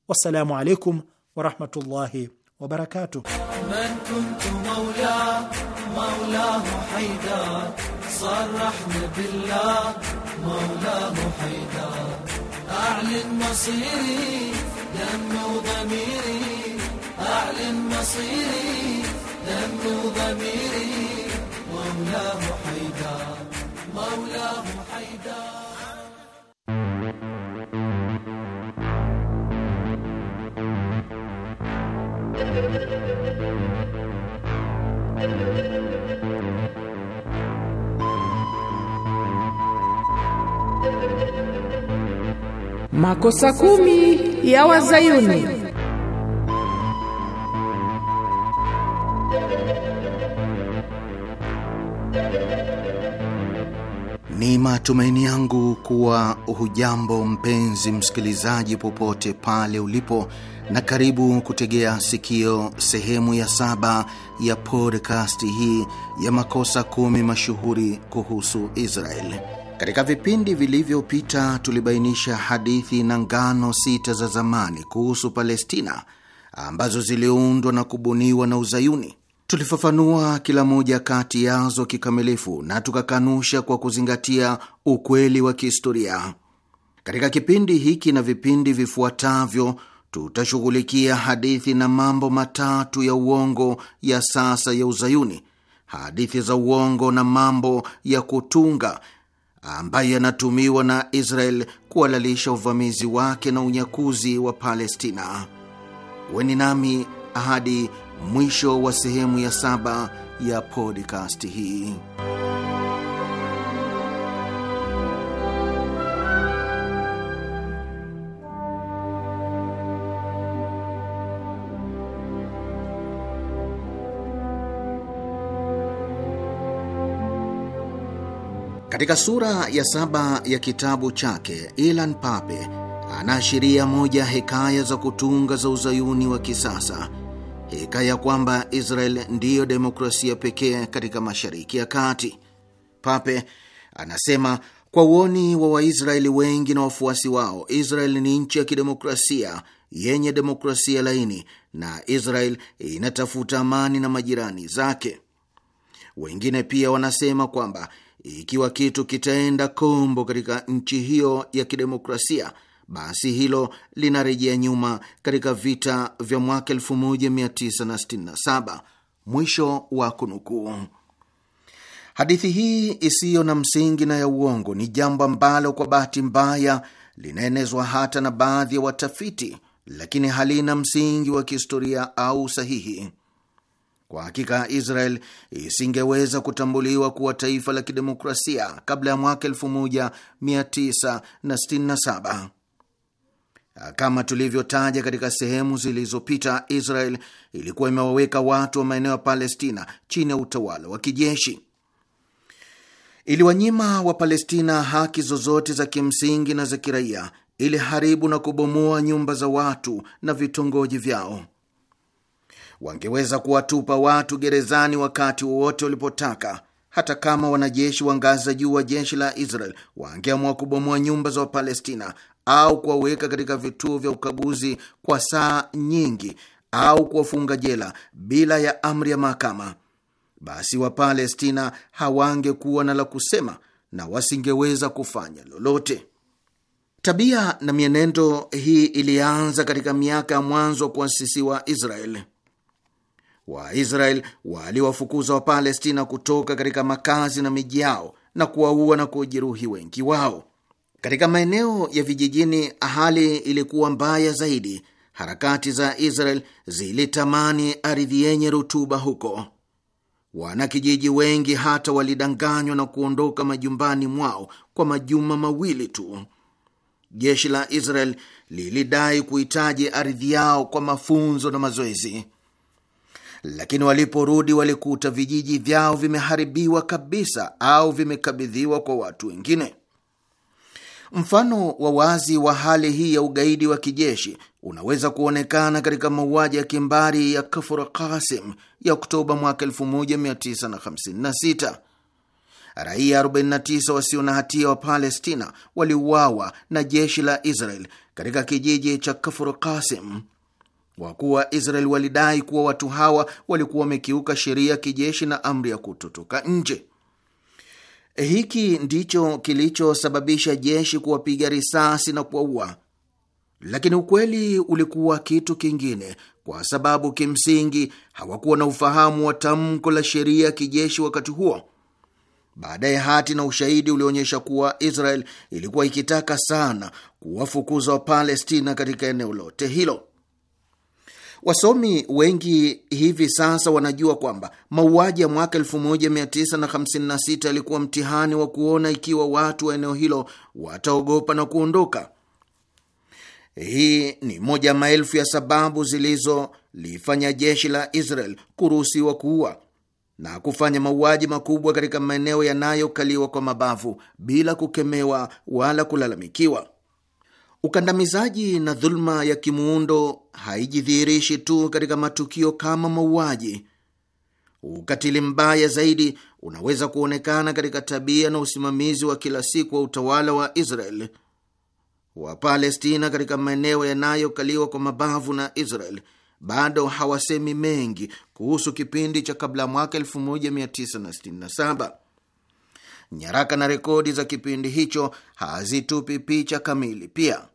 wassalamu alaikum warahmatullahi wabarakatuh. Man kuntu maula maulahu haidar sarahna billah maulahu haidar a'lin masiri دمي وضميري أعلن مصيري دمي وضميري Makosa kumi ya Wazayuni. Ni matumaini yangu kuwa hujambo mpenzi msikilizaji, popote pale ulipo, na karibu kutegea sikio sehemu ya saba ya podcast hii ya makosa kumi mashuhuri kuhusu Israeli. Katika vipindi vilivyopita tulibainisha hadithi na ngano sita za zamani kuhusu Palestina ambazo ziliundwa na kubuniwa na Uzayuni. Tulifafanua kila moja kati yazo kikamilifu na tukakanusha kwa kuzingatia ukweli wa kihistoria. Katika kipindi hiki na vipindi vifuatavyo, tutashughulikia hadithi na mambo matatu ya uongo ya sasa ya Uzayuni, hadithi za uongo na mambo ya kutunga ambayo yanatumiwa na Israel kuhalalisha uvamizi wake na unyakuzi wa Palestina. Weni nami hadi mwisho wa sehemu ya saba ya podcast hii. Katika sura ya saba ya kitabu chake Ilan Pape anaashiria moja ya hekaya za kutunga za uzayuni wa kisasa, hekaya kwamba Israel ndiyo demokrasia pekee katika Mashariki ya Kati. Pape anasema kwa uoni wa Waisraeli wengi na wafuasi wao, Israel ni nchi ya kidemokrasia yenye demokrasia laini, na Israel inatafuta amani na majirani zake. Wengine pia wanasema kwamba ikiwa kitu kitaenda kombo katika nchi hiyo ya kidemokrasia, basi hilo linarejea nyuma katika vita vya mwaka 1967. Mwisho wa kunukuu. Hadithi hii isiyo na msingi na ya uongo ni jambo ambalo kwa bahati mbaya linaenezwa hata na baadhi ya watafiti, lakini halina msingi wa kihistoria au sahihi. Kwa hakika Israel isingeweza kutambuliwa kuwa taifa la kidemokrasia kabla ya mwaka 1967. Kama tulivyotaja katika sehemu zilizopita, Israel ilikuwa imewaweka watu wa maeneo ya Palestina chini ya utawala wa kijeshi. Iliwanyima wa palestina haki zozote za kimsingi na za kiraia, iliharibu na kubomoa nyumba za watu na vitongoji vyao wangeweza kuwatupa watu gerezani wakati wowote walipotaka. Hata kama wanajeshi wa ngazi za juu wa jeshi la Israel wangeamua kubomoa nyumba za Wapalestina au kuwaweka katika vituo vya ukaguzi kwa saa nyingi au kuwafunga jela bila ya amri ya mahakama, basi Wapalestina hawangekuwa na la kusema na wasingeweza kufanya lolote. Tabia na mienendo hii ilianza katika miaka ya mwanzo wa kuasisiwa Israeli. Waisrael waliwafukuza Wapalestina kutoka katika makazi na miji yao na kuwaua na kujeruhi wengi wao. Katika maeneo ya vijijini, hali ilikuwa mbaya zaidi. Harakati za Israel zilitamani ardhi yenye rutuba huko. Wanakijiji wengi hata walidanganywa na kuondoka majumbani mwao kwa majuma mawili tu. Jeshi la Israel lilidai kuhitaji ardhi yao kwa mafunzo na mazoezi lakini waliporudi walikuta vijiji vyao vimeharibiwa kabisa au vimekabidhiwa kwa watu wengine. Mfano wa wazi wa hali hii ya ugaidi wa kijeshi unaweza kuonekana katika mauaji ya kimbari ya Kafur Qasim ya Oktoba mwaka 1956. Raia 49 wasio na hatia wa Palestina waliuawa na jeshi la Israel katika kijiji cha Kafur Qasim kwa kuwa Israel walidai kuwa watu hawa walikuwa wamekiuka sheria ya kijeshi na amri ya kutotoka nje. Hiki ndicho kilichosababisha jeshi kuwapiga risasi na kuwaua, lakini ukweli ulikuwa kitu kingine, kwa sababu kimsingi hawakuwa na ufahamu wa tamko la sheria ya kijeshi wakati huo. Baadaye hati na ushahidi ulionyesha kuwa Israel ilikuwa ikitaka sana kuwafukuza Wapalestina katika eneo lote hilo. Wasomi wengi hivi sasa wanajua kwamba mauaji ya mwaka 1956 yalikuwa mtihani wa kuona ikiwa watu wa eneo hilo wataogopa na kuondoka. Hii ni moja ya maelfu ya sababu zilizolifanya jeshi la Israel kuruhusiwa kuua na kufanya mauaji makubwa katika maeneo yanayokaliwa kwa mabavu bila kukemewa wala kulalamikiwa. Ukandamizaji na dhuluma ya kimuundo haijidhihirishi tu katika matukio kama mauaji. Ukatili mbaya zaidi unaweza kuonekana katika tabia na usimamizi wa kila siku wa utawala wa Israel. Wapalestina katika maeneo yanayokaliwa kwa mabavu na Israel bado hawasemi mengi kuhusu kipindi cha kabla mwaka 1967. Nyaraka na rekodi za kipindi hicho hazitupi picha kamili pia.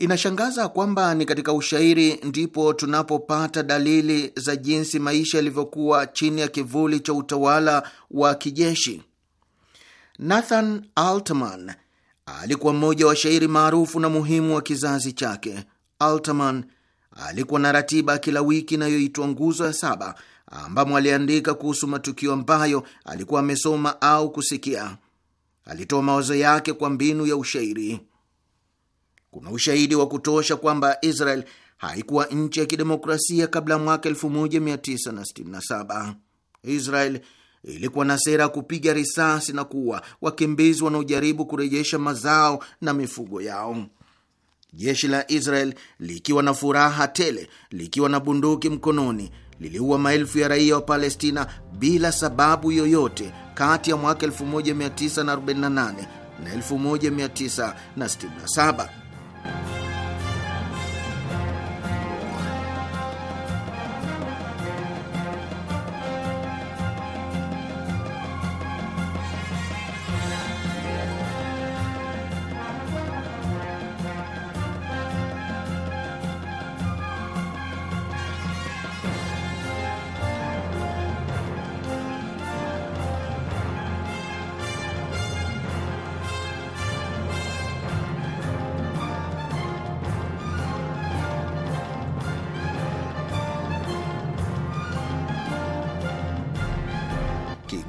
Inashangaza kwamba ni katika ushairi ndipo tunapopata dalili za jinsi maisha yalivyokuwa chini ya kivuli cha utawala wa kijeshi. Nathan Altman alikuwa mmoja wa shairi maarufu na muhimu wa kizazi chake. Altman alikuwa na ratiba kila wiki inayoitwa Nguzo ya Saba, ambamo aliandika kuhusu matukio ambayo alikuwa amesoma au kusikia. Alitoa mawazo yake kwa mbinu ya ushairi kuna ushahidi wa kutosha kwamba Israel haikuwa nchi ya kidemokrasia kabla ya mwaka 1967. Israel ilikuwa na sera ya kupiga risasi na kuua wakimbizi wanaojaribu kurejesha mazao na mifugo yao. Jeshi la Israel likiwa na furaha tele, likiwa na bunduki mkononi, liliua maelfu ya raia wa Palestina bila sababu yoyote kati ya mwaka 1948 na 1967. Bye.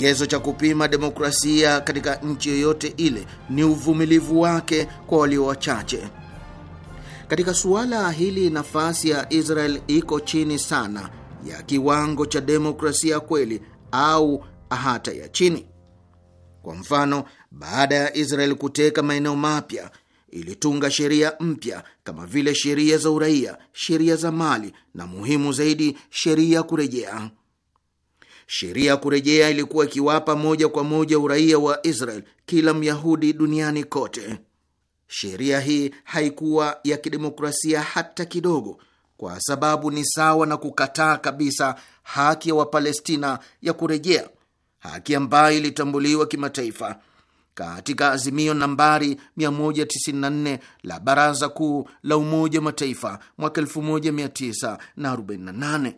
Kigezo cha kupima demokrasia katika nchi yoyote ile ni uvumilivu wake kwa walio wachache. Katika suala hili, nafasi ya Israel iko chini sana ya kiwango cha demokrasia kweli au hata ya chini. Kwa mfano, baada ya Israel kuteka maeneo mapya ilitunga sheria mpya kama vile sheria za uraia, sheria za mali na muhimu zaidi, sheria kurejea. Sheria ya kurejea ilikuwa ikiwapa moja kwa moja uraia wa Israel kila Myahudi duniani kote. Sheria hii haikuwa ya kidemokrasia hata kidogo, kwa sababu ni sawa na kukataa kabisa haki ya Wapalestina ya kurejea, haki ambayo ilitambuliwa kimataifa katika azimio nambari 194 la Baraza Kuu la Umoja wa Mataifa mwaka 1948.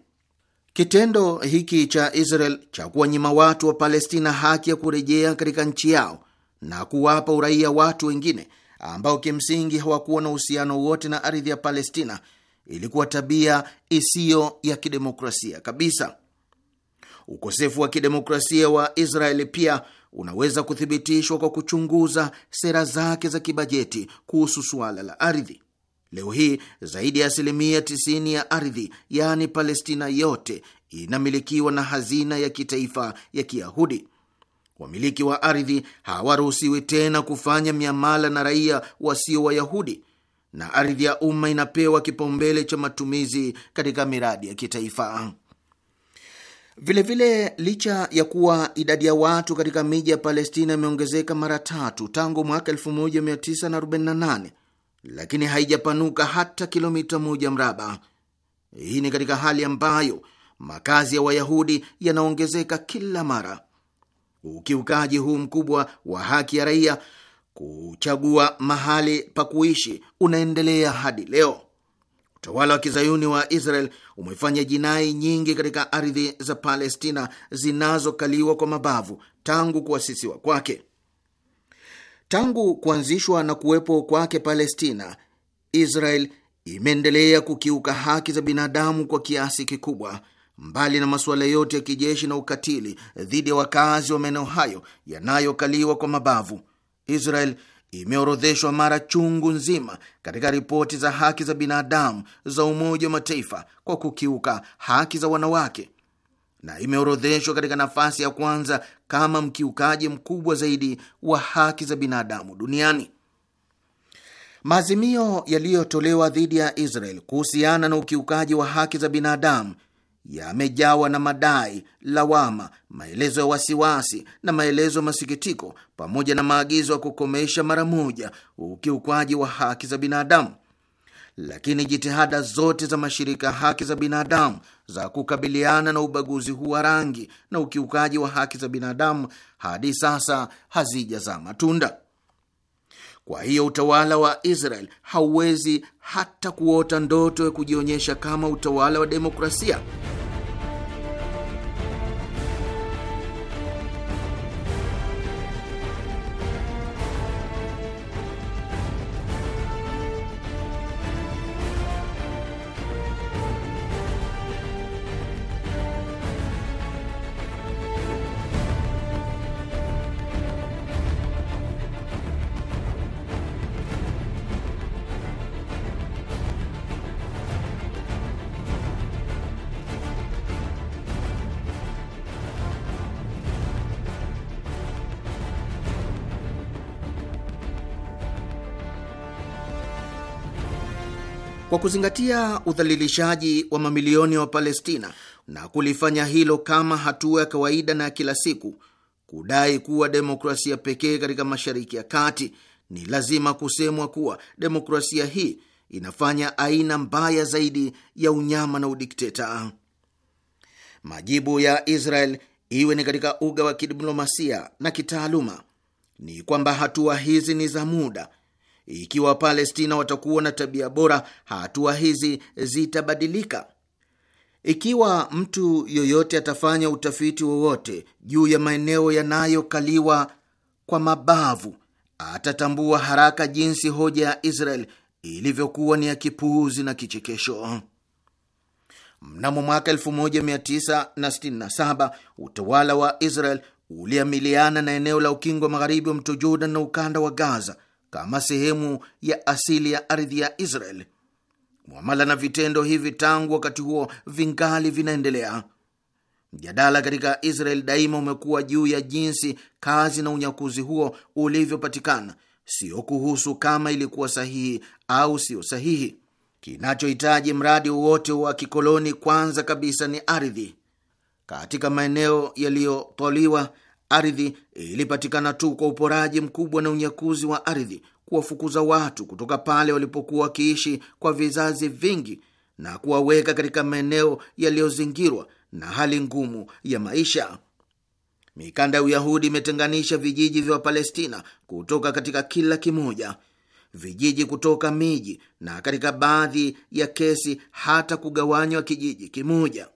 Kitendo hiki cha Israel cha kuwanyima watu wa Palestina haki ya kurejea katika nchi yao na kuwapa uraia watu wengine ambao kimsingi hawakuwa na uhusiano wote na ardhi ya Palestina ilikuwa tabia isiyo ya kidemokrasia kabisa. Ukosefu wa kidemokrasia wa Israeli pia unaweza kuthibitishwa kwa kuchunguza sera zake za kibajeti kuhusu suala la ardhi. Leo hii zaidi ya asilimia 90 ya ardhi yaani Palestina yote inamilikiwa na hazina ya kitaifa ya Kiyahudi. Wamiliki wa ardhi hawaruhusiwi tena kufanya miamala na raia wasio Wayahudi, na ardhi ya umma inapewa kipaumbele cha matumizi katika miradi ya kitaifa. Vilevile vile, licha ya kuwa idadi ya watu katika miji ya Palestina imeongezeka mara tatu tangu mwaka 1948 lakini haijapanuka hata kilomita moja mraba. Hii ni katika hali ambayo makazi ya Wayahudi yanaongezeka kila mara. Ukiukaji huu mkubwa wa haki ya raia kuchagua mahali pa kuishi unaendelea hadi leo. Utawala wa kizayuni wa Israel umefanya jinai nyingi katika ardhi za Palestina zinazokaliwa kwa mabavu tangu kuasisiwa kwake. Tangu kuanzishwa na kuwepo kwake Palestina, Israel imeendelea kukiuka haki za binadamu kwa kiasi kikubwa. Mbali na masuala yote ya kijeshi na ukatili dhidi ya wakazi wa maeneo hayo yanayokaliwa kwa mabavu, Israel imeorodheshwa mara chungu nzima katika ripoti za haki za binadamu za Umoja wa Mataifa kwa kukiuka haki za wanawake, na imeorodheshwa katika nafasi ya kwanza kama mkiukaji mkubwa zaidi wa haki za binadamu duniani. Maazimio yaliyotolewa dhidi ya Israel kuhusiana na ukiukaji wa haki za binadamu yamejawa na madai, lawama, maelezo ya wasiwasi na maelezo ya masikitiko, pamoja na maagizo ya kukomesha mara moja ukiukaji wa haki za binadamu lakini jitihada zote za mashirika ya haki za binadamu za kukabiliana na ubaguzi huu wa rangi na ukiukaji wa haki za binadamu hadi sasa hazijazaa matunda. Kwa hiyo utawala wa Israel hauwezi hata kuota ndoto ya kujionyesha kama utawala wa demokrasia. kwa kuzingatia udhalilishaji wa mamilioni ya wa Wapalestina na kulifanya hilo kama hatua ya kawaida na ya kila siku. Kudai kuwa demokrasia pekee katika Mashariki ya Kati, ni lazima kusemwa kuwa demokrasia hii inafanya aina mbaya zaidi ya unyama na udikteta. Majibu ya Israel, iwe ni katika uga wa kidiplomasia na kitaaluma, ni kwamba hatua hizi ni za muda ikiwa Wapalestina watakuwa na tabia bora, hatua hizi zitabadilika. Ikiwa mtu yoyote atafanya utafiti wowote juu ya maeneo yanayokaliwa kwa mabavu, atatambua haraka jinsi hoja ya Israel ilivyokuwa ni ya kipuuzi na kichekesho. Mnamo mwaka 1967 utawala wa Israel uliamiliana na eneo la ukingo wa magharibi wa mto Jordan na ukanda wa Gaza kama sehemu ya asili ya ardhi ya Israel. Mwamala na vitendo hivi tangu wakati huo vingali vinaendelea. Mjadala katika Israel daima umekuwa juu ya jinsi kazi na unyakuzi huo ulivyopatikana, sio kuhusu kama ilikuwa sahihi au siyo sahihi. Kinachohitaji mradi wowote wa kikoloni kwanza kabisa ni ardhi. Katika maeneo yaliyotwaliwa ardhi ilipatikana tu kwa uporaji mkubwa na unyakuzi wa ardhi, kuwafukuza watu kutoka pale walipokuwa wakiishi kwa vizazi vingi na kuwaweka katika maeneo yaliyozingirwa na hali ngumu ya maisha. Mikanda ya Uyahudi imetenganisha vijiji vya Wapalestina kutoka katika kila kimoja, vijiji kutoka miji, na katika baadhi ya kesi hata kugawanywa kijiji kimoja.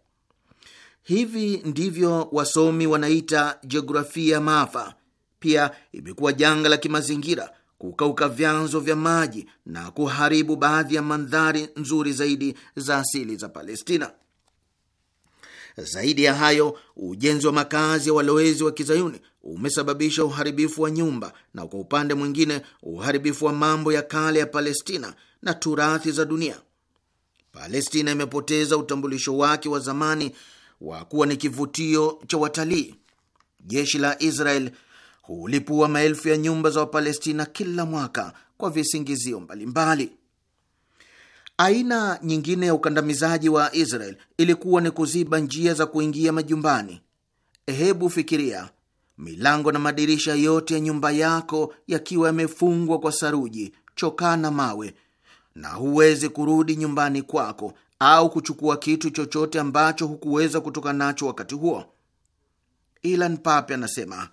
Hivi ndivyo wasomi wanaita jiografia maafa. Pia imekuwa janga la kimazingira, kukauka vyanzo vya maji na kuharibu baadhi ya mandhari nzuri zaidi za asili za Palestina. Zaidi ya hayo, ujenzi wa makazi ya walowezi wa kizayuni umesababisha uharibifu wa nyumba na kwa upande mwingine uharibifu wa mambo ya kale ya Palestina na turathi za dunia. Palestina imepoteza utambulisho wake wa zamani wa kuwa ni kivutio cha watalii. Jeshi la Israel hulipua maelfu ya nyumba za Wapalestina kila mwaka kwa visingizio mbalimbali. Aina nyingine ya ukandamizaji wa Israel ilikuwa ni kuziba njia za kuingia majumbani. Hebu fikiria milango na madirisha yote ya nyumba yako yakiwa yamefungwa kwa saruji, chokaa na mawe, na huwezi kurudi nyumbani kwako au kuchukua kitu chochote ambacho hukuweza kutoka nacho wakati huo. Ilan Pape anasema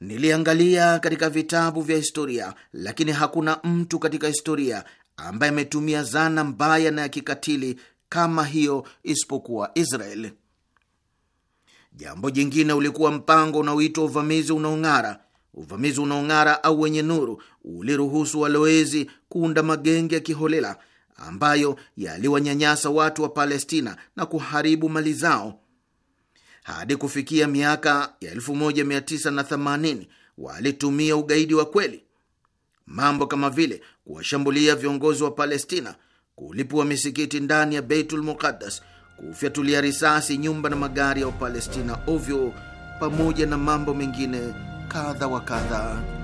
niliangalia katika vitabu vya historia, lakini hakuna mtu katika historia ambaye ametumia zana mbaya na ya kikatili kama hiyo isipokuwa israel Jambo jingine ulikuwa mpango unaoitwa uvamizi unaong'ara. Uvamizi unaong'ara au wenye nuru uliruhusu walowezi kuunda magenge ya kiholela ambayo yaliwanyanyasa watu wa Palestina na kuharibu mali zao hadi kufikia miaka ya 1980 walitumia ugaidi wa kweli, mambo kama vile kuwashambulia viongozi wa Palestina, kulipua misikiti ndani ya Beitul Muqaddas, kufyatulia risasi nyumba na magari ya Wapalestina ovyo, pamoja na mambo mengine kadha wa kadha.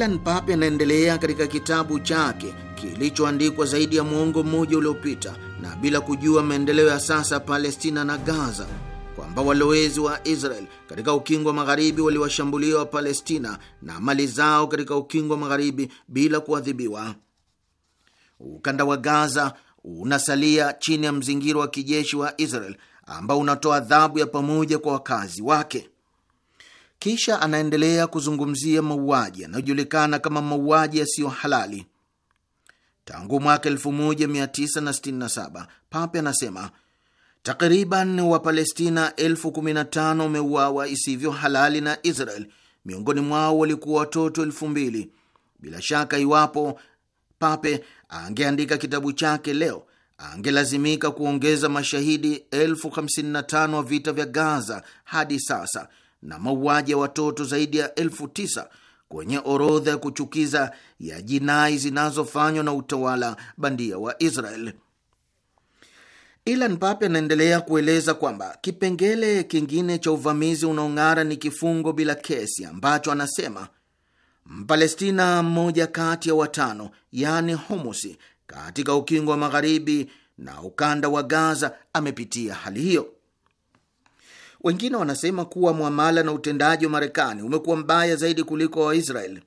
Dylan Pape anaendelea katika kitabu chake kilichoandikwa zaidi ya muongo mmoja uliopita na bila kujua maendeleo ya sasa Palestina na Gaza kwamba walowezi wa Israel katika ukingo wa magharibi waliwashambulia wa Palestina na mali zao katika ukingo wa magharibi bila kuadhibiwa. Ukanda wa Gaza unasalia chini ya mzingiro wa kijeshi wa Israel ambao unatoa adhabu ya pamoja kwa wakazi wake. Kisha anaendelea kuzungumzia mauaji yanayojulikana kama mauaji yasiyo halali. Tangu mwaka 1967 Pape anasema takriban Wapalestina elfu kumi na tano wameuawa isivyo halali na Israel, miongoni mwao walikuwa watoto elfu mbili. Bila shaka iwapo Pape angeandika kitabu chake leo angelazimika kuongeza mashahidi elfu hamsini na tano wa vita vya Gaza hadi sasa na mauaji ya watoto zaidi ya elfu tisa kwenye orodha ya kuchukiza ya jinai zinazofanywa na utawala bandia wa Israel. Ilan Pape anaendelea kueleza kwamba kipengele kingine cha uvamizi unaong'ara ni kifungo bila kesi ambacho anasema Mpalestina mmoja kati ya watano, yani humusi, katika ukingo wa magharibi na ukanda wa Gaza amepitia hali hiyo. Wengine wanasema kuwa mwamala na utendaji wa Marekani umekuwa mbaya zaidi kuliko waisrael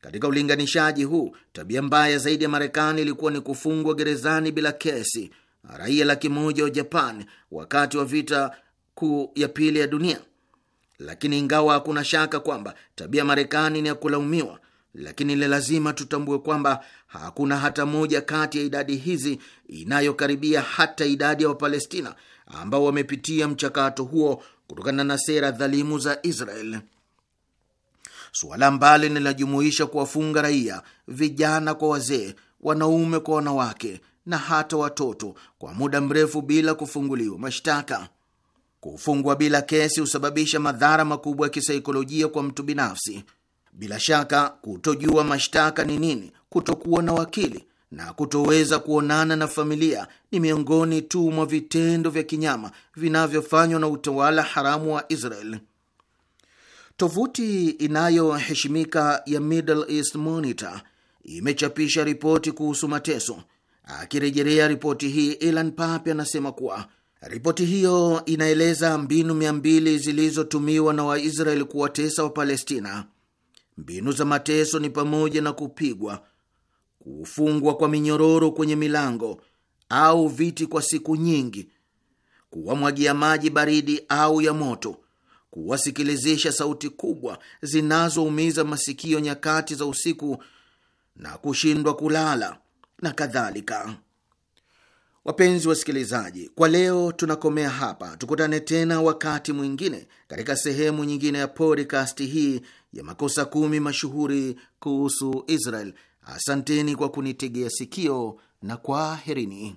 Katika ulinganishaji huu, tabia mbaya zaidi ya Marekani ilikuwa ni kufungwa gerezani bila kesi raia laki moja wa Japan wakati wa vita kuu ya pili ya dunia. Lakini ingawa hakuna shaka kwamba tabia Marekani ni ya kulaumiwa, lakini ni lazima tutambue kwamba hakuna hata moja kati ya idadi hizi inayokaribia hata idadi ya Wapalestina ambao wamepitia mchakato huo kutokana na sera dhalimu za Israel, suala ambalo linajumuisha kuwafunga raia, vijana kwa wazee, wanaume kwa wanawake na hata watoto kwa muda mrefu bila kufunguliwa mashtaka. Kufungwa bila kesi husababisha madhara makubwa ya kisaikolojia kwa mtu binafsi. Bila shaka, kutojua mashtaka ni nini, kutokuwa na wakili na kutoweza kuonana na familia ni miongoni tu mwa vitendo vya kinyama vinavyofanywa na utawala haramu wa Israel. Tovuti inayoheshimika ya Middle East Monitor imechapisha ripoti kuhusu mateso. Akirejelea ripoti hii, Elan papy anasema kuwa ripoti hiyo inaeleza mbinu mia mbili zilizotumiwa na Waisraeli kuwatesa Wapalestina. Mbinu za mateso ni pamoja na kupigwa kufungwa kwa minyororo kwenye milango au viti kwa siku nyingi, kuwamwagia maji baridi au ya moto, kuwasikilizisha sauti kubwa zinazoumiza masikio nyakati za usiku na kushindwa kulala na kadhalika. Wapenzi wasikilizaji, kwa leo tunakomea hapa. Tukutane tena wakati mwingine katika sehemu nyingine ya podcast hii ya makosa kumi mashuhuri kuhusu Israel. Asanteni kwa kunitegea sikio na kwaherini.